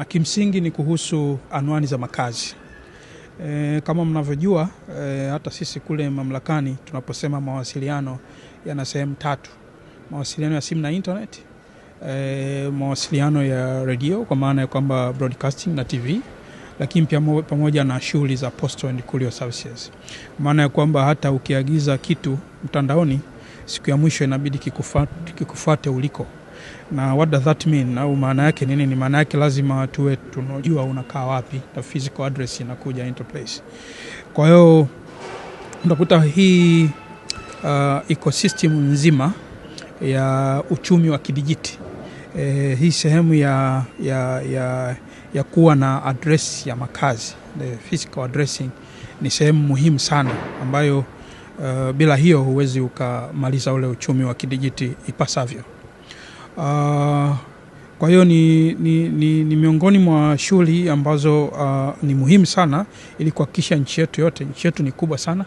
na kimsingi ni kuhusu anwani za makazi. E, kama mnavyojua e, hata sisi kule mamlakani tunaposema mawasiliano yana sehemu tatu: mawasiliano ya simu na internet, e, mawasiliano ya redio kwa maana ya kwamba broadcasting na TV, lakini pia pamoja na shughuli za postal and courier services, maana ya kwamba hata ukiagiza kitu mtandaoni, siku ya mwisho inabidi kikufuate uliko na what does that mean, au maana yake nini? Ni maana yake lazima tuwe tunajua unakaa wapi, na physical address inakuja into place. Kwa hiyo utakuta hii uh, ecosystem nzima ya uchumi wa kidijiti e, hii sehemu ya, ya, ya, ya kuwa na address ya makazi the physical addressing ni sehemu muhimu sana ambayo uh, bila hiyo huwezi ukamaliza ule uchumi wa kidijiti ipasavyo. Uh, kwa hiyo ni, ni, ni, ni miongoni mwa shughuli ambazo uh, ni muhimu sana ili kuhakikisha nchi yetu yote, nchi yetu ni kubwa sana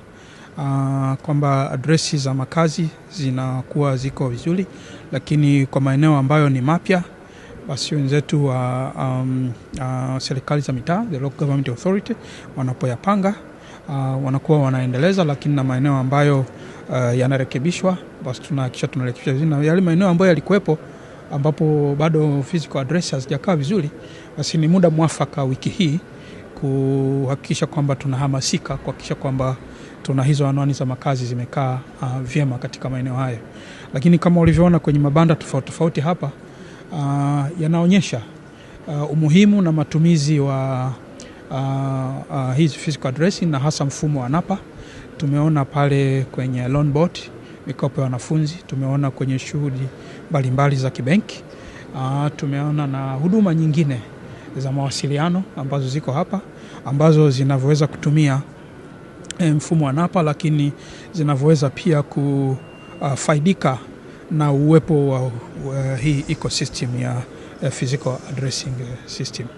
uh, kwamba adresi za makazi zinakuwa ziko vizuri, lakini kwa maeneo ambayo ni mapya basi wenzetu wa uh, um, uh, serikali za mitaa the local government authority wanapoyapanga uh, wanakuwa wanaendeleza, lakini na maeneo ambayo uh, yanarekebishwa basi tunahakikisha tunarekebisha, na yale maeneo ambayo yalikuwepo ambapo bado physical address hazijakaa vizuri, basi ni muda mwafaka wiki hii kuhakikisha kwamba tunahamasika kuhakikisha kwamba tuna hizo anwani za makazi zimekaa uh, vyema katika maeneo hayo. Lakini kama ulivyoona kwenye mabanda tofauti tofauti hapa uh, yanaonyesha uh, umuhimu na matumizi wa uh, uh, hizi physical na hasa mfumo wa NaPA. Tumeona pale kwenye loan board mikopo ya wanafunzi, tumeona kwenye shughuli mbalimbali za kibenki, ah, tumeona na huduma nyingine za mawasiliano ambazo ziko hapa ambazo zinavyoweza kutumia eh, mfumo wa NAPA, lakini zinavyoweza pia kufaidika ah, na uwepo wa eh, hii ecosystem ya eh, physical addressing system.